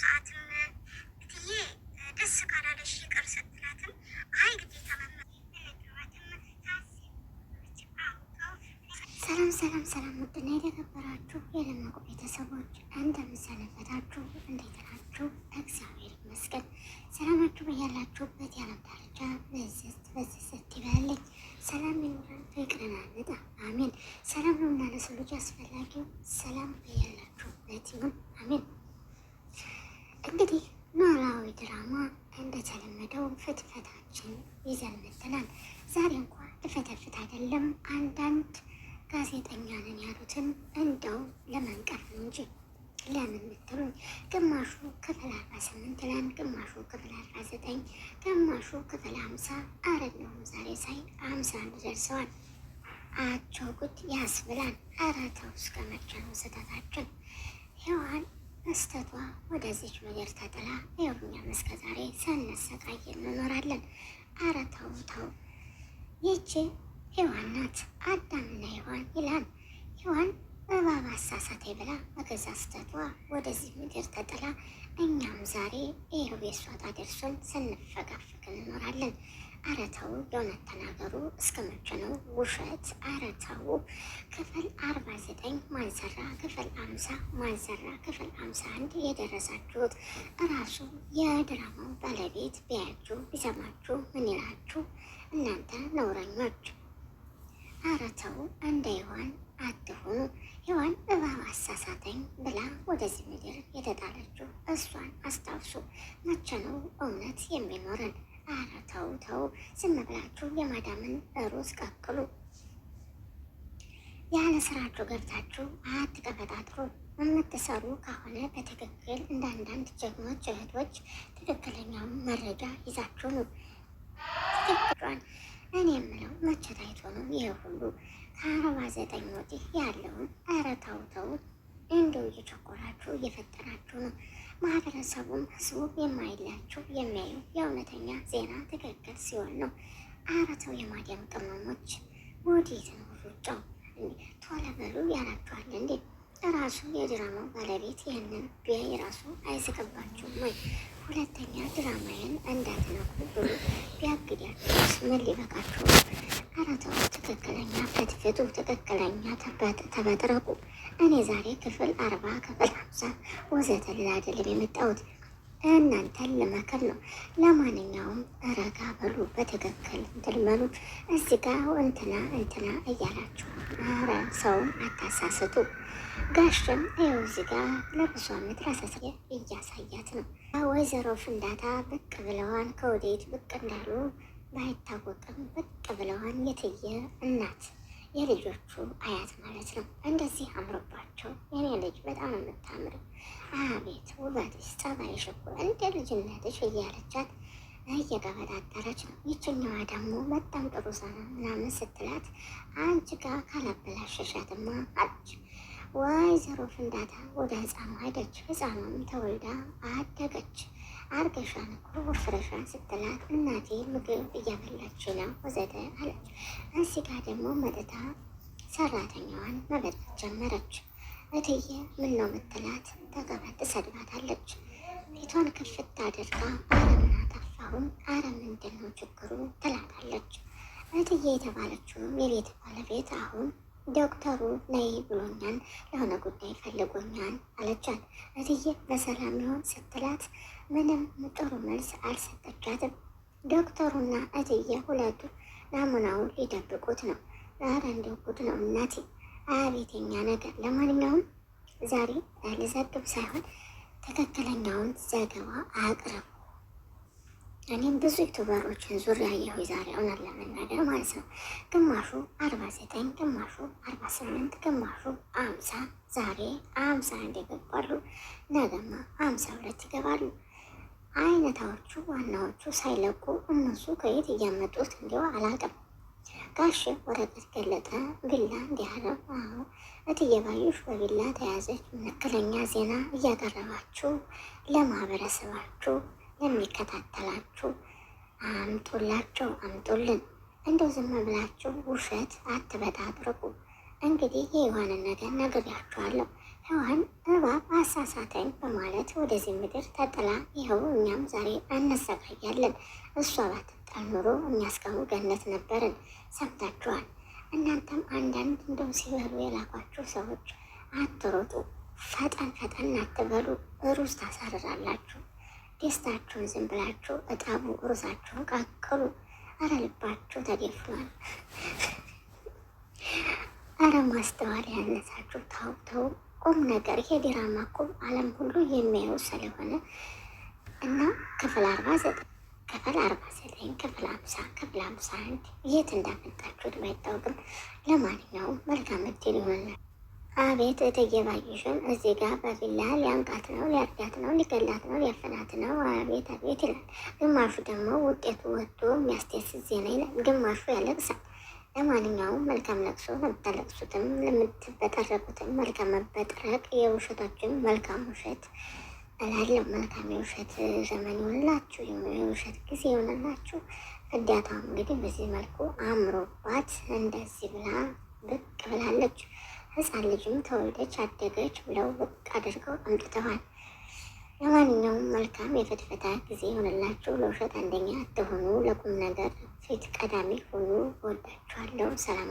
ሰዓትም እትዬ ደስ ካላለሽ ይቅር ስትላትም አይ ግዴታ ሰላም ሰላም ሰላም፣ ውድና የተከበራችሁ የለመቁ ቤተሰቦች እንደምሰነበታችሁ፣ እንዴት ናችሁ? እግዚአብሔር ይመስገን። ሰላማችሁ በያላችሁበት የዓለም ዳርቻ በዝት በዝት ይበልኝ። ሰላም ይኑረን፣ ፍቅርን አንጣ፣ አሜን። ሰላም ነው እና ለሰው ልጅ አስፈላጊው ሰላም በያላችሁበት ይሁን፣ አሜን። እንግዲህ ኖላዊ ድራማ እንደተለመደው ፍትፈታችን ይዘን መጥተናል። ዛሬ እንኳ ልፈተፍት አይደለም አንዳንድ ጋዜጠኛ ነን ያሉትን እንደው ለመንቀፍ ነው እንጂ ለምን ምትሉኝ፣ ግማሹ ክፍል አርባ ስምንት ላን ግማሹ ክፍል አርባ ዘጠኝ ግማሹ ክፍል ሀምሳ አረግ ዛሬ ሳይ ሀምሳ አንድ ደርሰዋል። አቸው ጉድ ያስብላል። አረተው እስከ መቼ ነው ስህተታችን ሔዋን እስተቷ ወደዚች ምድር ተጥላ ይኸውኛም እስከ ዛሬ ሳንሰቃይ እንኖራለን። ኧረ ተው ተው፣ ይቺ ሔዋን ናት አዳምና ሔዋን ይላል ሔዋን እባብ አሳሳተ ብላ በገዛ ስተቷ ወደዚህ ምድር ተጥላ እኛም ዛሬ ይኸው የእሷጣ ደርሶን ስንፈጋፈግ እንኖራለን። አረተው የእውነት ተናገሩ እስከ መቼ ነው ውሸት? አረተው ክፍል አርባ ዘጠኝ ማንሰራ ክፍል አምሳ ማንሰራ ክፍል አምሳ አንድ የደረሳችሁት እራሱ የድራማው ባለቤት ቢያችሁ ቢሰማችሁ ምን ይላችሁ እናንተ ነውረኞች? አረተው እንደ ይሆን አትሆኑ ሔዋን እባብ አሳሳተኝ ብላ ወደዚህ ምድር የተጣለችው እሷን አስታውሱ። መቼ ነው እውነት የሚኖረን? አረ ተው ተው፣ ዝም ብላችሁ የማዳምን እሩዝ ቀቅሉ። ያለ ስራችሁ ገብታችሁ አትቀበጣጥሩ። የምትሰሩ ከሆነ በትክክል እንደ አንዳንድ ጀግኖች እህቶች ትክክለኛውን መረጃ ይዛችሁ ነው። እኔ የምለው መቼ ታይቶ ነው ይሄ ሁሉ ከአርባ ዘጠኝ ወዲህ ያለውን? ኧረ ተው ተው፣ እንደው እየቸኮላችሁ እየፈጠራችሁ ነው። ማህበረሰቡም ህዝቡ የማይላችሁ የሚያዩ የእውነተኛ ዜና ትክክል ሲሆን ነው። ኧረ ተው የማዲያም ቅመሞች ወዴት ነው ሩጫው? ቶሎ በሉ ያላችኋል እንዴ? ራሱ የድራማው ባለቤት ይህንን ቢያይ ራሱ አይስቅባችሁም ወይ? ሁለተኛ ድራማዬን እንዳትነኩ ምን ሊበቃችሁ? ኧረ ተው፣ ትክክለኛ ከትፍቱ ትክክለኛ ተበጥረቁ። እኔ ዛሬ ክፍል አርባ ክፍል ሀምሳ ወዘተ ልላደልም የመጣሁት እናንተን ልመክር ነው። ለማንኛውም ረጋ በሉ፣ በትክክል እንትልመሉ። እዚህ ጋ እንትና እንትና እያላችሁ ኧረ ሰውን አታሳስቱ። ጋሽም ይኸው እዚህ ጋ ለብዙ ዓመት ራሳስ እያሳያት ነው። ወይዘሮ ፍንዳታ ብቅ ብለዋን ከወዴት ብቅ እንዳሉ ባይታወቅም ብቅ ብለዋል የትየ እናት የልጆቹ አያት ማለት ነው። እንደዚህ አምሮባቸው የኔ ልጅ በጣም የምታምር አቤት ውበትሽ፣ ጸባይሽ እኮ እንደ ልጅነትሽ እያለቻት እየገበጣጠረች ነው። ይችኛዋ ደግሞ በጣም ጥሩ ሰና ምናምን ስትላት አንቺ ጋር ካላበላሸሻትማ አለች። ወይዘሮ ፍንዳታ ወደ ህፃኑ ሄደች። ህፃኑም ተወልዳ አደገች። አርገሻን እኮ ወፍረሻን ስትላት እናቴ ምግብ እያበላች ነው ወዘተ አለች። እንስጋ ደግሞ መጥታ ሰራተኛዋን መበላት ጀመረች። እትዬ ምን ነው ምትላት ተቀበት ትሰድባታለች። ፊቷን ክፍት አድርጋ አረምና ጠፋሁም አረም ምንድን ነው ችግሩ ትላታለች። እትዬ የተባለችውም የቤት ባለቤት አሁን ዶክተሩ ነይ ብሎኛል፣ ለሆነ ጉዳይ ፈልጎኛል አለቻት። እትዬ በሰላም ይሆን ስትላት ምንም ጥሩ መልስ አልሰጠቻትም። ዶክተሩና እትዬ ሁለቱ ናሙናውን ሊደብቁት ነው። ዛሬ እንደው ጉድ ነው እናቴ፣ አቤተኛ ነገር። ለማንኛውም ዛሬ ልዘግብ ሳይሆን ትክክለኛውን ዘገባ አቅርብ እኔም ብዙ ዩቱበሮችን ዙሪያ ያየሁ ዛሬ እውነት ለመናገር ማለት ነው። ግማሹ አርባ ዘጠኝ ግማሹ አርባ ስምንት ግማሹ አምሳ ዛሬ አምሳ አንድ ይገባሉ፣ ነገማ አምሳ ሁለት ይገባሉ። አይነታዎቹ ዋናዎቹ ሳይለቁ እነሱ ከየት እያመጡት እንዲሁ አላውቅም። ጋሽ ወረቀት ገለጠ ቢላ እንዲያረብ አሁ እትየባዩሽ በቢላ ተያዘች። መካከለኛ ዜና እያቀረባችሁ ለማህበረሰባችሁ የሚከታተላችሁ አምጡላቸው፣ አምጡልን። እንደው ዝም ብላችሁ ውሸት አትበጣጥርቁ። እንግዲህ የሔዋንን ነገር ነግሬያችኋለሁ። ሔዋን እባብ አሳሳተኝ በማለት ወደዚህ ምድር ተጥላ ይኸው እኛም ዛሬ እንሰቃያለን። እሷ ባትጣል ኑሮ እኛ እስካሁን ገነት ነበርን። ሰምታችኋል። እናንተም አንዳንድ እንደው ሲበሉ የላኳችሁ ሰዎች አትሮጡ፣ ፈጠን ፈጠን አትበሉ፣ ሩዝ ታሳርራላችሁ። ደስታችሁን ዝም ብላችሁ እጠቡ፣ ሩዛችሁን ቀቅሉ። አረ ልባችሁ ተደፍኗል። አረ ማስተዋል ያነሳችሁ ታውተው ቁም ነገር። ይሄ ዲራማ እኮ ዓለም ሁሉ የሚያየው ስለሆነ እና ክፍል አርባ ዘጠኝ ክፍል አርባ ዘጠኝ ክፍል አምሳ ክፍል አምሳ አንድ የት እንዳመጣችሁት ባይታወቅም፣ ለማንኛውም መልካም እድል ይሆናል። አቤት እትዬ ባዩሽም እዚህ ጋር በቢላ ሊያንቃት ነው፣ ሊያርዳት ነው፣ ሊገላት ነው፣ ሊያፈናት ነው። አቤት አቤት ይላል። ግማሹ ደግሞ ውጤቱ ወጥቶ የሚያስደስት ዜና ይላል፣ ግማሹ ያለቅሳል። ለማንኛውም መልካም ለቅሶ ለምታለቅሱትም ለምትበጠረቁትም መልካም መበጠረቅ፣ የውሸቶችም መልካም ውሸት እላለሁ። መልካም የውሸት ዘመን ይሆንላችሁ፣ የውሸት ጊዜ ይሆንላችሁ። እዳታም እንግዲህ በዚህ መልኩ አምሮባት እንደዚህ ብላ ብቅ ብላለች። ህፃን ልጅም ተወልደች አደገች ብለው ብቅ አድርገው አምጥተዋል። ለማንኛውም መልካም የፍትፈታ ጊዜ ሆነላችሁ። ለውሸት አንደኛ አትሆኑ፣ ለቁም ነገር ፊት ቀዳሚ ሆኑ። ወዳችኋለሁ። ሰላማችሁ